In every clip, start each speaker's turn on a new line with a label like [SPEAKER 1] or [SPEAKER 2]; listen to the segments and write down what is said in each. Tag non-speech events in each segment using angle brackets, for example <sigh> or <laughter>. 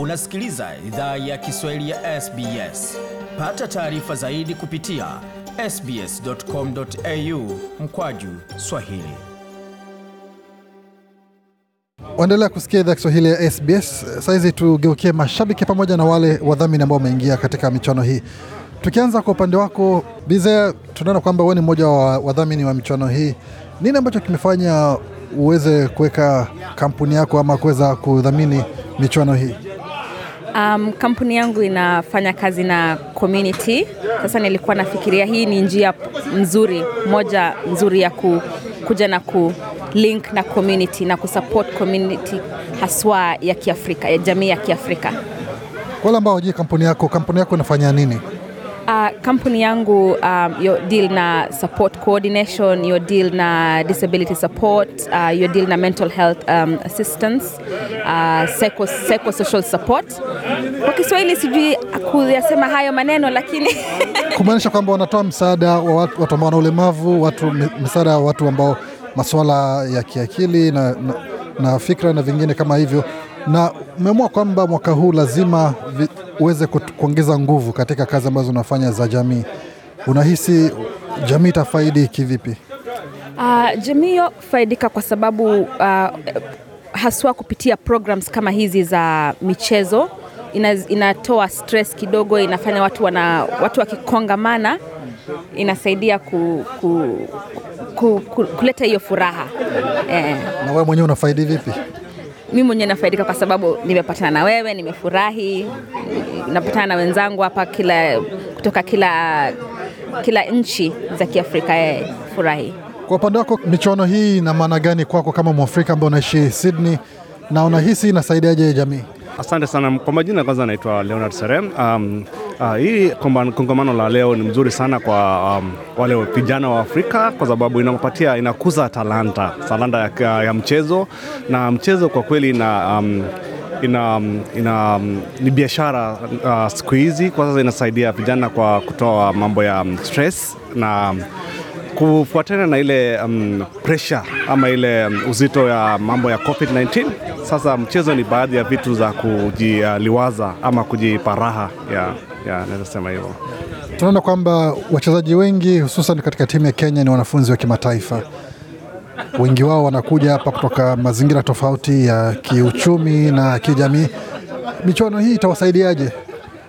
[SPEAKER 1] Unasikiliza idhaa ya Kiswahili ya SBS. Pata taarifa zaidi kupitia sbs.com.au mkwaju swahili.
[SPEAKER 2] Waendelea kusikia idhaa Kiswahili ya SBS. sahizi tugeukie mashabiki pamoja na wale wadhamini ambao wameingia katika michuano hii, tukianza kwa upande wako Bize, tunaona kwamba huwe ni mmoja wa wadhamini wa michuano hii. Nini ambacho kimefanya uweze kuweka kampuni yako ama kuweza kudhamini michuano hii?
[SPEAKER 1] Um, kampuni yangu inafanya kazi na community. Sasa nilikuwa nafikiria hii ni njia nzuri moja nzuri ya ku, kuja na ku link na community na kusupport community haswa ya Kiafrika ya jamii ya Kiafrika. Kwa
[SPEAKER 2] wale ambao wajui kampuni yako, kampuni yako inafanya nini?
[SPEAKER 1] Uh, kampuni yangu um, yo deal na support coordination, yo deal na disability support, uh, yo deal na mental health um, assistance, uh, psycho, psycho social support. Kwa Kiswahili sijui kuyasema hayo maneno lakini
[SPEAKER 2] <laughs> kumaanisha kwamba wanatoa msaada wa watu ambao wana ulemavu, watu msaada wa watu ambao masuala ya kiakili na, na, na fikra na vingine kama hivyo, na umeamua kwamba mwaka huu lazima vi, uweze kuongeza nguvu katika kazi ambazo unafanya za jamii. Unahisi jamii itafaidi kivipi?
[SPEAKER 1] Uh, jamii faidika kwa sababu uh, haswa kupitia programs kama hizi za michezo inaz, inatoa stress kidogo, inafanya watu wana, watu wakikongamana inasaidia ku, ku, ku, ku, kuleta hiyo furaha eh.
[SPEAKER 2] Na wewe mwenyewe unafaidi vipi?
[SPEAKER 1] mimi mwenyewe nafaidika kwa sababu nimepatana na wewe, nimefurahi, napatana na wenzangu hapa kila kutoka kila kila nchi za Kiafrika. Eh,
[SPEAKER 2] furahi. Kwa upande wako michuano hii ina maana gani kwako kama Mwafrika ambaye unaishi Sydney na unahisi inasaidiaje jamii?
[SPEAKER 3] Asante sana kwa majina, kwanza naitwa Leonard Serem. Um, Uh, hii kongamano la leo ni mzuri sana kwa um, wale vijana wa Afrika kwa sababu inapatia inakuza talanta talanta ya, ya mchezo na mchezo kwa kweli ina, um, ina, um, ina, um, ni biashara uh, siku hizi kwa sasa inasaidia vijana kwa kutoa mambo ya um, stress na um, kufuatana na ile um, pressure ama ile um, uzito ya mambo ya COVID-19. Sasa mchezo ni baadhi ya vitu za kujiliwaza ama kujiparaha yeah ya naweza sema hivyo.
[SPEAKER 2] Tunaona kwamba wachezaji wengi hususan katika timu ya Kenya ni wanafunzi wa kimataifa wengi wao wanakuja hapa kutoka mazingira tofauti ya kiuchumi na kijamii. Michuano hii itawasaidiaje?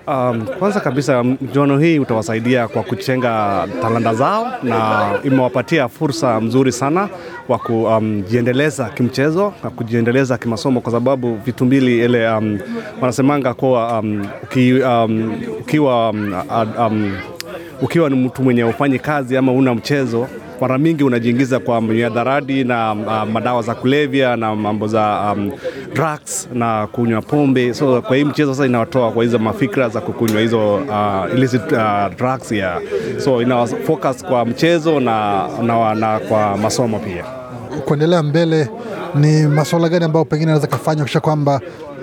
[SPEAKER 3] Um, kwanza kabisa mchuano hii utawasaidia kwa kuchenga talanta zao na imewapatia fursa mzuri sana wa kujiendeleza um, kimchezo na kujiendeleza kimasomo, kwa sababu vitu mbili ile um, wanasemanga kuwa um, uki, um, ukiwa um, um, ukiwa ni mtu mwenye ufanyi kazi ama una mchezo mara mingi unajiingiza kwa mihadarati na uh, madawa za kulevya na mambo za um, drugs na kunywa pombe. So kwa hii mchezo sasa inawatoa kwa hizo mafikra za kukunywa hizo uh, illicit uh, drugs yeah. So ina focus kwa mchezo na, na, na kwa masomo pia.
[SPEAKER 2] Kuendelea mbele ni masuala gani ambayo pengine anaweza kafanya kisha kwamba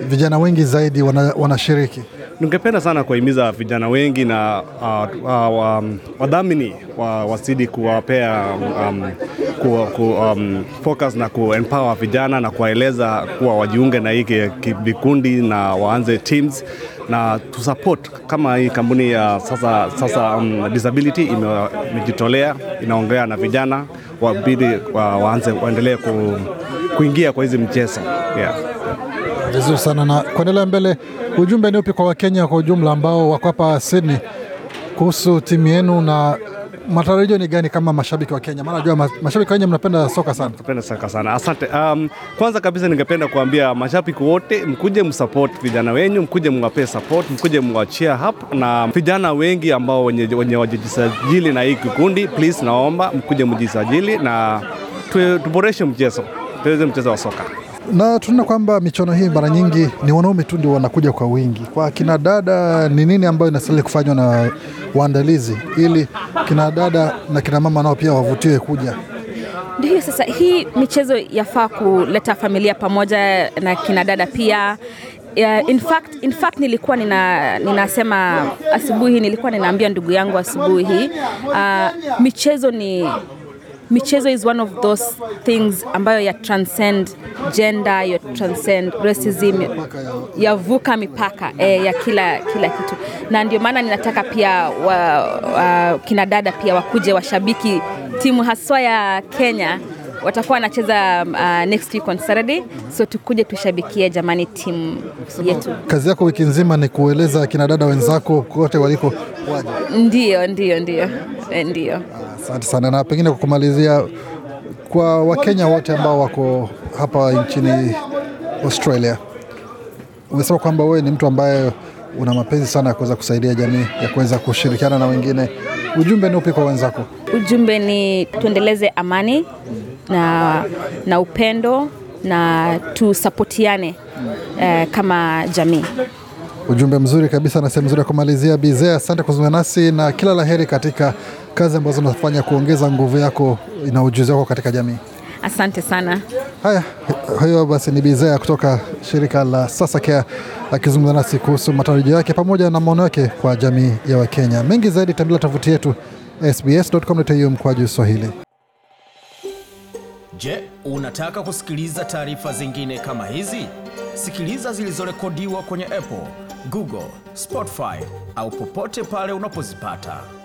[SPEAKER 2] vijana wengi zaidi wanashiriki wana
[SPEAKER 3] Ningependa sana kuwahimiza vijana wengi na uh, uh, um, wadhamini wa, wazidi kuwapea um, ku, ku, um, focus na kuempower vijana na kuwaeleza kuwa wajiunge na hiki vikundi na waanze teams na tusupport kama hii kampuni ya sasa, sasa um, disability imejitolea inaongea na vijana wabidi wa, waanze waendelee ku, kuingia kwa hizi mchezo yeah.
[SPEAKER 2] Vizuri sana na kuendelea mbele, ujumbe ni upi kwa Wakenya kwa ujumla ambao wako hapa Sydney kuhusu timu yenu na matarajio ni gani kama mashabiki wa Kenya? Maana najua mashabiki wa Kenya mnapenda soka sana.
[SPEAKER 3] Tunapenda soka sana. Asante. Um, kwanza kabisa ningependa kuambia mashabiki wote mkuje msupport vijana wenyu, mkuje mwape support, mkuje mwachia hapa na vijana wengi ambao wenye, wenye wajisajili na hii kikundi, please naomba mkuje mjisajili na tuboreshe mchezo, tuweze mchezo wa soka
[SPEAKER 2] na tunaona kwamba michuano hii mara nyingi ni wanaume tu ndio wanakuja kwa wingi. Kwa kina dada, ni nini ambayo inastahili kufanywa na waandalizi ili kina dada na kina mama nao pia wavutiwe kuja?
[SPEAKER 1] Ndio, sasa hii michezo yafaa kuleta familia pamoja na kina dada pia. Yeah, in fact, in fact nilikuwa nina, ninasema asubuhi nilikuwa ninaambia ndugu yangu asubuhi uh, michezo ni michezo is one of those things ambayo ya transcend gender ya transcend racism yavuka mipaka eh, ya kila kila kitu na ndio maana ninataka pia wa, wa, kina dada pia wakuje washabiki timu haswa ya kenya watakuwa wanacheza uh, next week on Saturday, so tukuje tushabikie jamani timu yetu.
[SPEAKER 2] Kazi yako wiki nzima ni kueleza kina dada wenzako kote waliko
[SPEAKER 1] waje. Ndio, ndio, ndio, eh, ndio.
[SPEAKER 2] Asante sana, na pengine kwa kumalizia, kwa Wakenya wote ambao wako hapa nchini Australia, umesema kwamba wewe ni mtu ambaye una mapenzi sana ya kuweza kusaidia jamii, ya kuweza kushirikiana na wengine. Ujumbe ni upi kwa wenzako?
[SPEAKER 1] Ujumbe ni tuendeleze amani na, na upendo na tusapotiane eh, kama jamii.
[SPEAKER 2] Ujumbe mzuri kabisa na sehemu nzuri ya kumalizia. Bizee, asante kuzungumza nasi na kila la heri katika kazi ambazo unafanya kuongeza nguvu yako na ujuzi wako katika jamii.
[SPEAKER 1] Asante sana.
[SPEAKER 2] Haya, hiyo basi ni Bizea kutoka shirika la Sasa Care akizungumza nasi kuhusu matarajio yake pamoja na maono yake kwa jamii ya Wakenya. Mengi zaidi tambila tovuti yetu sbs.com.au mkwaju Swahili.
[SPEAKER 1] Je, unataka kusikiliza taarifa zingine kama hizi? Sikiliza zilizorekodiwa kwenye Apple, Google, Spotify au popote pale unapozipata.